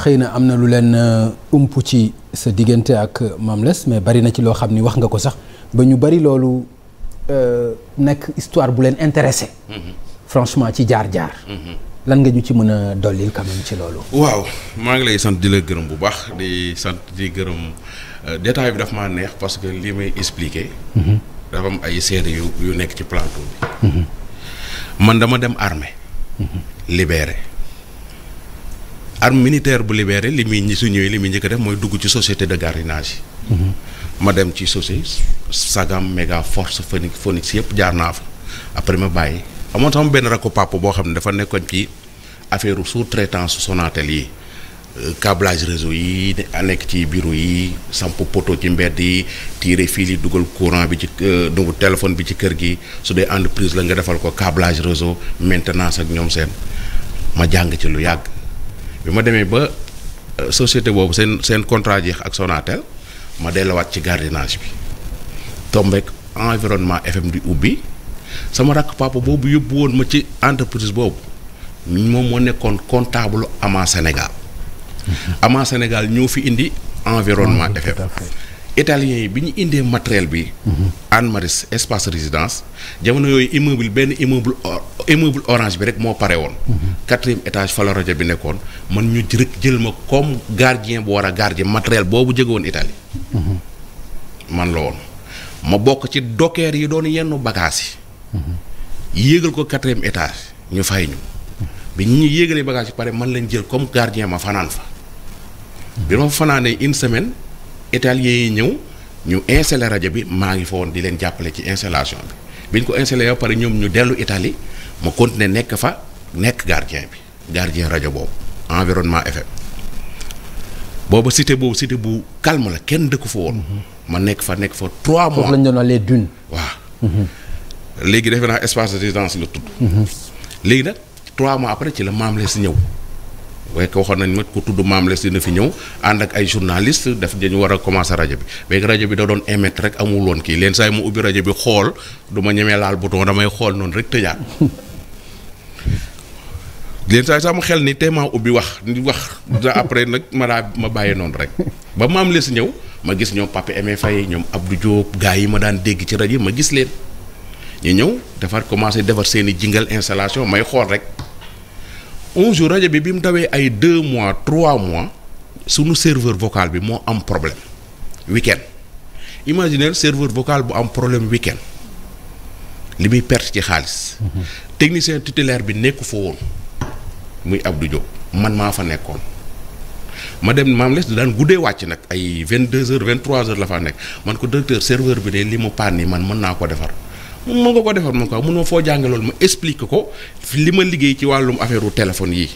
xëy na am na lu leen euh, ump ci sa diggante ak Mame Less mais bari na ci loo xam ni wax nga ko sax ba ñu bari loolu euh, nekk histoire bu leen intéressé mhm. franchement ci jaar-jaar mhm. lan nga ñu ci mën a dollil quand ci loolu waaw maa ngi lay sant di la gërëm bu baax di sant di gërëm euh, détail bi daf ma neex parce que li may expliquer mhm. dafa am ay seede yu yu nekk ci plateau bi man dama dem armée libéré arme militaire bu libéré li muy su ñëwee li muy njëkk def mooy dugg ci société de gardiennage yi. Mhm. ma dem ci société sagam méga force phoenix phoenix yëpp jaar naa fa après ma bàyyi amoon sama benn rakku papa boo xam ne dafa nekkoon ci affaire sous-traitance Sonatel yi euh, cablage réseau yi nekk ci bureau yi samp poto ci mbedd yi tiire fil yi dugal courant bi ci euh, dungu téléphone bi ci kër gi su dee entreprise la nga defal ko câblage réseau maintenance ak ñoom seen ma jàng ci lu yàgg bi ma demee ba euh, société boobu seen seen contrat jeex ak Sonatel ma delluwaat ci gardiennage bi tombek environnement FM bi ubbi sama rakk papa boobu yóbbu woon ma ci entreprise boobu moom moo nekkoon comptable ama Sénégal mm-hmm. ama Sénégal ñoo fi indi environnement ah, FM italiens yi bi ñu indee matériel bi. Anne Maris espace résidence jamono yooyu immeuble benn immeuble orange bi rek moo pare woon. quatrième étage fa la rajo bi nekkoon man ñu rek jël ma comme gardien bu war a gardien matériel boobu jóge woon Italie. man la woon ma bokk ci docker yi doon yenn bagages yi. yéegal ko quatrième étage ñu fay ñu. bi ñu yéegalee bagages yi pare man lañ jël comme gardien ma fanaan fa. bi ma fanaanee une semaine. italiens yi ñëw ñu installé rajo bi maa ngi fa woon di leen jàppale ci installation bi biñ ko installé ba pare ñoom ñu dellu Italie ma continuer nekk fa nekk gardien bi gardien rajo boobu environnement FM boobu cité boobu cité bu calme la kenn dëkku fa woon. ma nekk fa nekk fa trois mois. foofu lañ doon les dunes. waa mhm. léegi defe naa espace de résidence la tudd. Mhm. léegi nag trois mois après ci la maam la si ñëw. waaye ko nañ ma ko tudd Mame Less dina fi ñëw ànd ak ay journaliste def dañu war a commencer rajo bi léegi rajo bi da doon émettre rek amul woon kii leen saa mu ubbi rajo bi xool du ma ñemee laal bouton damay xool noonu rek tëjaat leen saa sama xel ni tellement ubbi wax ni wax après nag ma daa ma bàyyi noonu rek ba Mame Less ñëw ma gis ñoom Pape Emé Faye ñoom Abdou Diop gars yi ma daan dégg ci rajo yi ma gis leen ñu ñëw defar commencer defar seen i jingal installation may xool rek un jour rajo bi bi mu dawee ay deux mois trois mois sunu serveur vocal bi moo am problème week-end imaginez serveur vocal bu am problème week li muy perte ci xaalis. technicien tutélaire bi nekku fa woon muy Abdou Diop man maa fa nekkoon ma dem maam les daan guddee wàcc nag ay vingt deux heures vingt trois heures la fa nekk man ko directeur serveur bi de li mu paan nii man mën naa ko defar. mun nga ko defar mun ko munoo foo jànge loolu ma explique ko li ma liggéey ci wàllum affaire u téléphone yii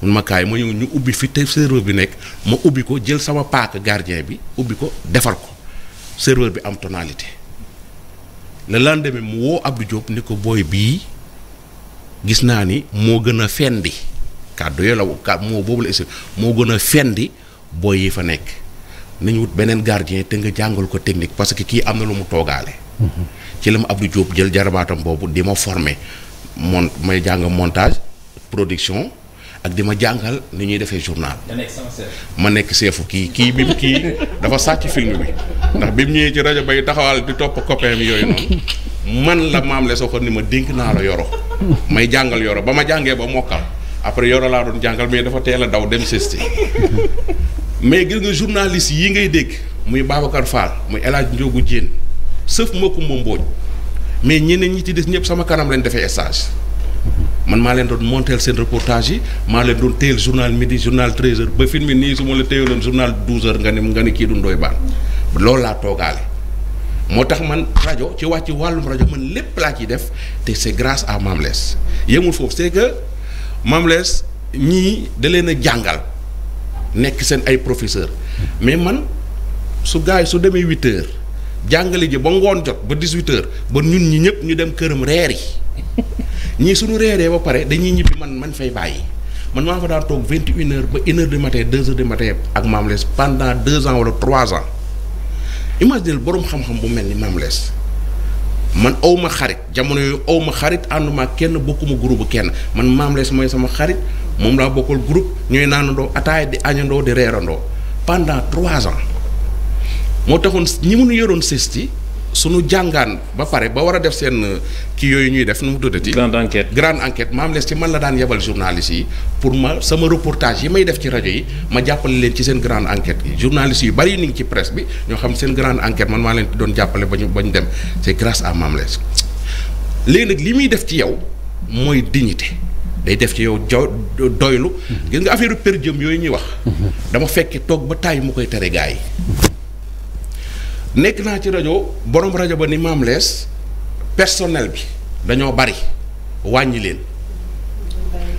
mun ma kaay ma ñëw ñu ubbi fi te serveur bi nekk ma ubbi ko jël sama paak gardien bi ubbi ko defar ko serveur bi am la lan deme mu woo Abdou Diop ni ko booy bii gis naa ni moo gën a fendi kàddu yooyu la moo boobu la moo gën a fendi booy yi fa nekk nañ wut beneen gardien te nga jàngal ko technique parce que kii am na lu mu toogaale. ci la ma Abdou Diop jël jarabaatam boobu di ma former mon may jàng montage production ak di ma jàngal ni ñuy defee journal. ma nekk seefu kii kii bi kii dafa sàcc film bi ndax bi mu ñëwee ci rajo bay taxawal di topp copain mi yooyu noonu. man la maam soo soxor ni ma dénk naa la yoro may jàngal yoro ba ma jàngee ba mokkal après yoro laa doon jàngal mais dafa teel a daw dem sesti mais gis nga journaliste yi ngay dégg muy Babacar Fall muy El Hadj Ndiogu Diène sëf ma ko moom Mbodj mais ñeneen ñi ci des ñëpp sama kanam leen defee stage man maa leen doon monteel seen reportage yi maa leen doon téyel journal midi journal treize heures ba film nii su ma la téyeloon journal douze heures nga ne nga ne kii du Ndoye Bane loolu laa toogaale moo tax man rajo ci wàcc wàllum rajo man lépp laa ciy def te c'est grâce à Mame Less yemul foofu c'est que Mame ñii da leen a jàngal. nekk seen ay professeur mais man su gars yi su demee huit jàngale ji ba ngoon jot ba dix huit ba ñun ñi ñëpp ñu dem këram reer yi ñii suñu reeree ba pare dañuy ñibbi man man fay bàyyi man maa fa daan toog vingt et une heures ba une heure du matin deux heures du matin ak Mame Less pendant deux ans wala trois ans imaginez borom xam-xam bu mel ni Mame Less man awma xarit jamono yooyu awma xarit ànduma kenn bokkuma groupe kenn man Mame Less mooy sama xarit moom laa bokkal group ñooy naanandoo ataay di añandoo di reerandoo pendant trois ans moo taxoon ñi mënu yoroon CESTI suñu jàngaan ba pare ba war a def seen euh, kii yooyu ñuy def nu mu tuddati. grande enquête grande enquête maam les ci man la daan yebal journaliste yi pour sama reportage yi may def ci rajo yi ma jàppale leen ci seen grande enquête yi journaliste yu bari ñu ngi ci presse bi ñoo xam seen grande enquête man maa leen doon jàppale ba ñu ba ñu dem c'est grâce à maam les léegi nag li muy def ci yow mooy dignité. day def ci yow jo doylu gis nga affaire per yooyu ñuy wax. dama fekke toog ba taay mu koy tere gaa yi. nekk naa ci rajo borom rajo ba ni maam lees personnel bi dañoo bari wàññi leen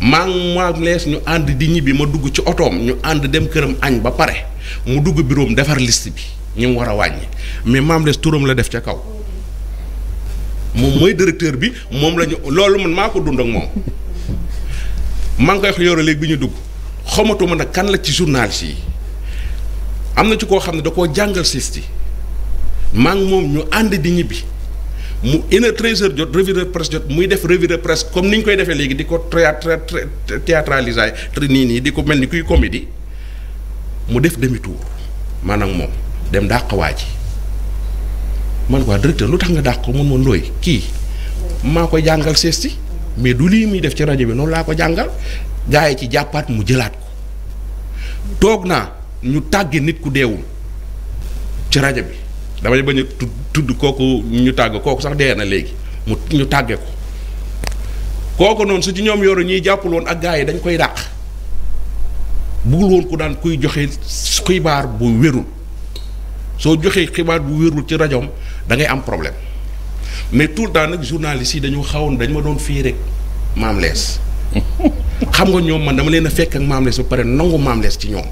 maa maam lees ñu ànd di ñibbi ma dugg ci otoom ñu ànd dem këram añ ba pare mu dugg biroom defar liste bi ñu mu war a wàññi mais maam lees turam la def ca kaw moom mooy directeur bi moom la loolu man maa ko dund ak moom. maa ngi koy wax yore léegi bi ñu dugg xamatuma nag kan la ci journaliste yi am na ci koo xam ne da koo jàngal sisti maa ngi moom ñu ànd di ñibbi mu une heure treize heures jot revue de presse jot muy def revue de presse comme ni ñu koy defee léegi di ko théâtre théâtraliser nii nii di ko mel ni kuy comédie mu def demi tour maanaam moom dem dàq waa ji man quoi directeur lu tax nga dàq ko man ma looy kii maa koy jàngal sisti mais du lii muy def ci rajo bi noonu laa ko jàngal gars ci jàppaat mu jëlaat ko toog naa ñu tàgge nit ku deewul ci rajo bi damay bañ a tudd kooku ñu tàgg kooku sax dee na léegi mu ñu tàgge ko kooku noonu su ci ñoom yoru ñuy jàppul woon ak gars yi dañ koy dàq bugul woon ku daan kuy joxe xibaar bu wérul soo joxee xibaar bu wérul ci rajoom dangay am problème mais tout le temps nag journaliste yi dañoo xawoon dañu ma doon fii rek maam lees xam nga ñoom man dama leen a fekk ak maam lees ba pare nangu maam lees ci ñoom.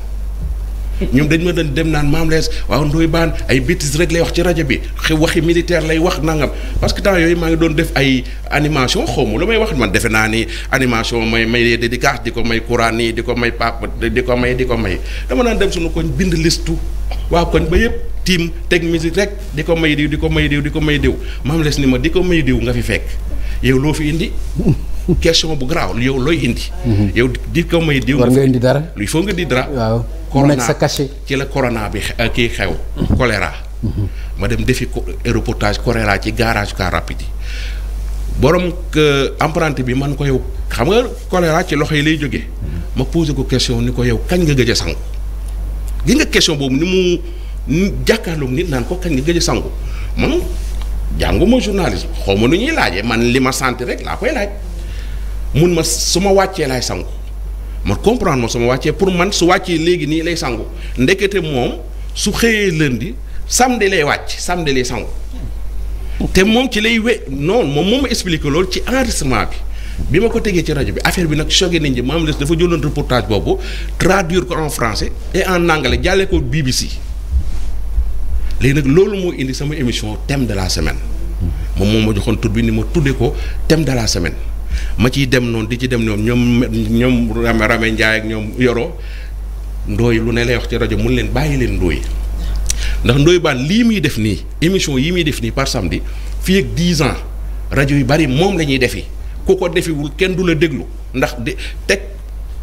ñoom dañ ma doon dem naan maam lees waaw Ndoye Bane ay bêtises rek lay wax ci rajo bi xew waxi militaire lay wax nangam parce que temps yooyu maa ngi doon def ay animation xaw ma lu may wax man defe naa ni animation may may dédicace di ko may courant nii di ko may pap di ko may di ko may dama naan dem suñu koñ bind listu waa koñ ba yëpp. tiim teg musique rek di ko may diw di ko may diw di ko may diw maam les ni ma di ko may diw nga fi fekk yow loo fi indi question bu garaaw yow looy indi mhm. yow di ko may diw nga indi dara il faut nga di dara waaw mu nekk sa cachet ci la corona bi euh, kii xew mhm. choléra mhm. ma dem defi reportage choléra ci garage car rapide yi borom emprunté bi man ko yow xam nga choléra ci loxo yi lay jógee ma posé ko question ni ko yow kañ nga gëj a sangu gi nga question boobu ni mu jàkkaarloog nit naan ko kañ nga gëj a sangu man jànguma journalisme xaw ma nu ñuy laaje man li ma santi rek laa koy laaj mun ma su ma wàccee laay sangu man comprendre ma su ma wàccee pour man su wàccee léegi nii lay sangu ndekete moom su xëyee lundi samedi lay wàcc samedi lay sangu te moom ci lay we non moom moom ma expliqué loolu ci enregistrement bi bi ma ko tegee ci rajo bi affaire bi nag choqué nit ñi maam les dafa jëloon reportage boobu traduire ko en français et en anglais jàllee ko BBC. léegi nag loolu moo indi sama émission thème de la semaine moom moom ma joxoon tur bi ni ma tuddee ko thème de la semaine ma ciy dem noonu di ci dem noonu ñoom ñoom Rame Rame Ndiaye ak ñoom Yoro ndooy lu ne lay wax ci rajo mun leen bàyyi leen ndooy ndax ndooy baan lii muy def nii émission yi muy def nii par samedi fii ak 10 ans rajo yu bari moom la ñuy defi ku ko defiwul kenn du la déglu ndax di teg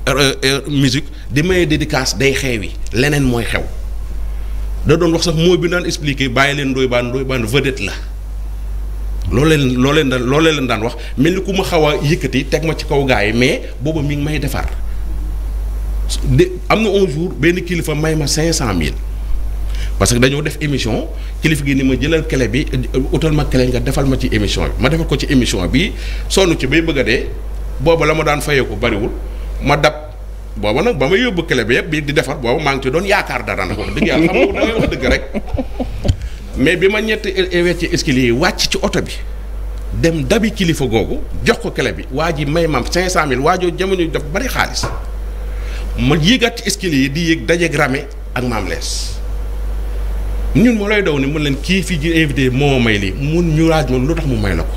euh, euh, musique di maye dédicace day xeewi leneen mooy xew. da doon wax sax mooy bi daan expliqué bàyyi leen Ndoye Bane Ndoye Bane vedette la loolee loo leen daan loolee leen daan wax mel ni ku ma xaw a yëkkati teg ma ci kaw gaa yi mais booba mi ngi may defar de am na un jour benn kilifa may ma cinq cent mille parce que dañoo def émission kilifa gi ni ma jëlal clé bi euh, utal ma clé nga defal ma ci émission bi ma defal ko ci émission bi sonn ci bay bëgg a dee booba la ma daan fayee ko bariwul ma dab booba nag ba ma yóbbu clé bi yëpp bi di defar booba maa ngi ci doon yaakaar dara nag wax dëgg xam nga da wax dëgg rek mais bi ma ñetti wecci escalier yi wàcc ci oto bi dem dabi kilifa googu jox ko clé bi waa ji may mam cinq cent mille waajoo jamono daf bari xaalis ma yéegaat ci escalier yi di yéeg dajeeg rame ak maam lees ñun moo lay daw ni mën leen kii fii ji invité moo may lii mun ñu raaj moom lu tax mu may la ko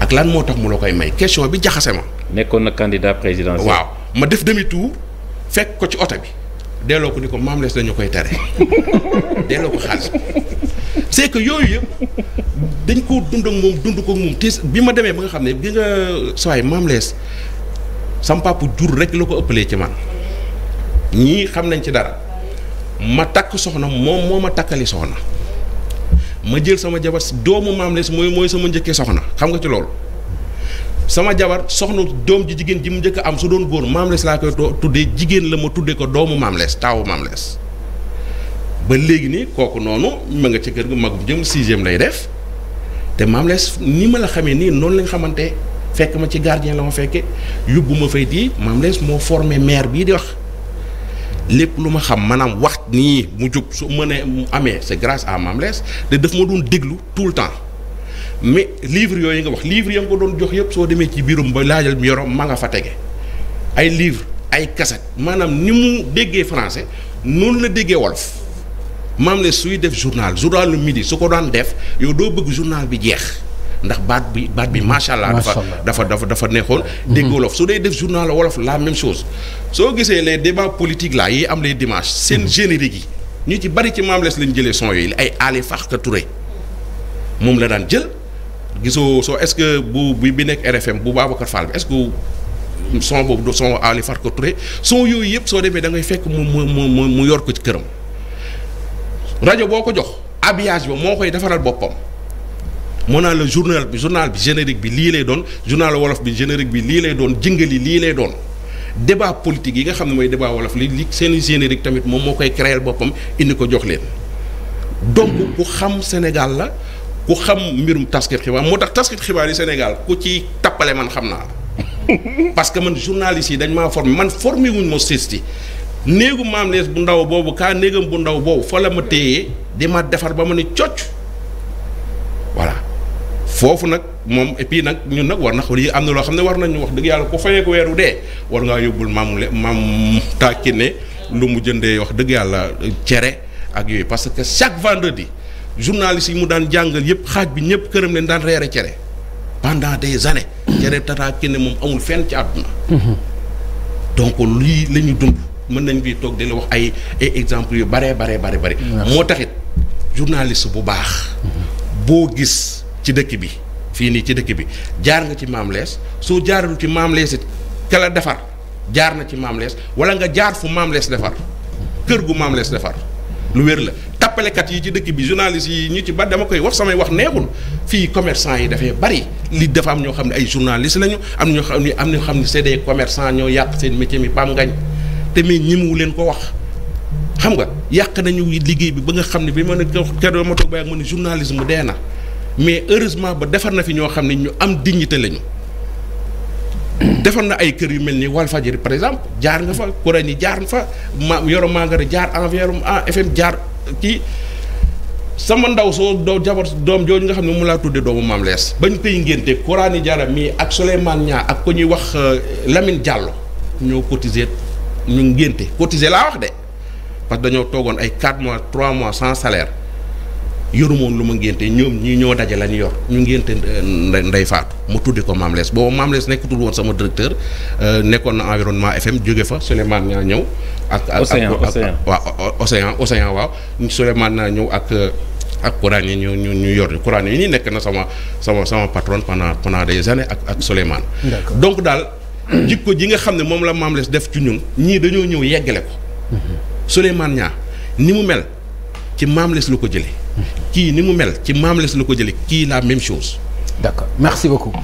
ak lan moo tax mu la koy may question bi jaxase ma. nekkoon na candidat présidentiel waaw. ma def demi tour fekk ko ci oto bi delloo ko ni ko maam les dañu koy tere delloo ko xaalis c'est que yooyu yëpp dañ ko dund ak moom dund ko moom te bi ma demee ba nga xam ne bi nga sawaay maam lees sam papa jur rek la ko ëppalee ci man ñii xam nañ ci dara ma takk soxna moom moo ma takkali soxna ma jël sama jabar doomu maam lees mooy mooy sama njëkkee soxna xam nga ci loolu sama jabar soxna doom ji jigéen ji mu njëkk am su doon góor maam lees laa koy tuddee jigéen la ma tuddee ko doomu maam taaw taawu ba léegi nii kooku noonu ma nga ci kër ga magum jëm sixième lay def te maam lees ni ma la xamee nii noonu lañ xamante fekk ma ci gardien la ma fekke yóbbu ma fay di maam lees moo formé maire bii di wax lépp lu ma xam maanaam wax nii mu jub su mënee amee c'est grâce à maam lees te daf ma doon déglu tout le temps. mais livre yooyu nga wax livre ya nga doon jox yëpp soo demee ci biirum ba laajal yoro ma nga fa tege ay livre ay kaset maanaam ni mu déggee français noonu la déggee wolof maam suy def journal journal lu midi su ko daan def yow doo bëgg journal bi jeex ndax baat bi baat bi macha allah. dafa dafa dafa dafa neexoon. Mhm. dégg wolof su dee def journal wolof la même chose soo gisee les débats politiques là yi am les dimanches seen mhm. générique yi ñu ci bari ci maam les lañ jëlee son yooyu ay Ali Fakka Touré moom la daan jël. gisoo soo est-ce que bu bi bi nekk RFM bu Babacar Fall bi est-ce son boobu do son Ali Farka Touré yooyu yëpp soo demee da ngay fekk mu mu mu mu yor ko ci këram rajo boo ko jox habillage ba moo koy defaral boppam moo naa la journal bi journal bi générique bi lii lay doon journal wolof bi générique bi lii lay doon jëngali lii lay doon débat politique yi nga xam ne mooy débat wolof li li seen générique tamit moom moo koy créer boppam indi ko jox leen donc ku xam ku xam mbirum taskat xibaar moo tax taskat xibaar yi Sénégal ku ci tappale man xam naa parce que man journaliste yi dañ maa formé man formé wuñ ma sisti néegu maam lees bu ndaw boobu kaa néegam bu ndaw boobu fa la ma téyee di ma defar ba ma ne cocc voilà foofu nag moom et puis nag ñun nag war na lii am na loo xam ne war nañu wax dëgg yàlla ku fayee ko weeru dee war ngaa yóbbul maam le maam tàkki ne lu mu jëndee wax dëgg yàlla cere ak yooyu parce que chaque vendredi journaliste yi mu daan jàngal yëpp xaaj bi ñëpp këram leen daan reere cere pendant des années cere Tata Kine moom amul fenn ci àdduna donc lii la dund mën nañ fii toog di la wax ay exemple yu baree baree bare bëri moo taxit journaliste bu baax boo gis ci dëkk bi fii nii ci dëkk bi jaar nga ci Maam Lees soo jaarul ci Maam Lees it kala defar jaar na ci Maam Lees wala nga jaar fu Maam Lees defar kër gu Maam Lees defar lu wér la jàppalekat yi ci dëkk bi journaliste yi ñu ci ba dama koy wax samay wax neexul fii commercant yi dafay bari li dafa am ñoo xam ne ay journaliste lañu am na ñoo xam ne am na ñoo xam ne c'est des commerçants ñoo yàq seen métier mi pam ngañ te mais ñimuwu leen ko wax xam nga yàq nañu liggéey bi ba nga xam ne bi ma ne keroog ma toog ba ak ma ne journalisme dee na mais heureusement ba defar na fi ñoo xam ne ñu am dignité lañu defar na ay kër yu mel ni Walfadjri par exemple jaar nga fa Kurani jaar fa ma Yoro Mangara jaar Environ FM jaar ki sama ndaw soo doo jabar doom jooju nga xam ne mu laa tuddee doomu maam lees bañ koy ngénte Kouraani Diarra mii ak Souleymane Niang ak ko ñuy wax euh, Lamine Diallo ñoo cotiser ñu ngénte cotiser laa wax de parce que dañoo toogoon ay 4 mois trois mois sans salaire yorumoon lu ma ngénte ñoom ñi ñoo daje lañ yor ñu ngénte euh, Ndeye Fatou mu tuddi ko Mame Less boobu Mame Less nekkatul woon sama directeur euh, nekkoon na environnement FM jóge fa Souleymane ñaa ñëw ak Océan waaw Océan Océan waaw Souleymane naa ñëw ak ak Coran yi ñu ñu ñu yor Coran yi nii nekk na sama sama sama patron pendant pendant des années ak ak Souleymane donc daal jikko ji nga xam ne moom la Mame Less def ci ñun ñii dañoo ñëw yeggale ko mhm. Souleymane ñaa ni mu mel ci Maamles la ko jëlee. Hmm. kii ni mu mel ci Maamles la ko jëlee kii la même chose. d'accord merci beaucoup.